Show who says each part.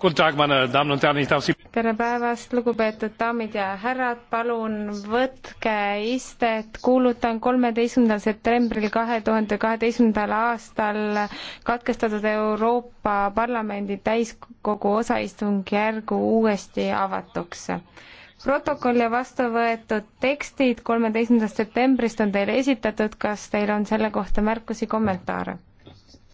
Speaker 1: tere
Speaker 2: päevast, lugupeetud daamid ja härrad, palun võtke istet, kuulutan kolmeteistkümnendal septembril kahe tuhande kaheteistkümnendal aastal katkestatud Euroopa Parlamendi täiskogu osaistungjärgu uuesti avatuks. protokoll ja vastu võetud tekstid kolmeteistkümnendast septembrist on teile esitatud, kas teil on selle kohta märkusi, kommentaare?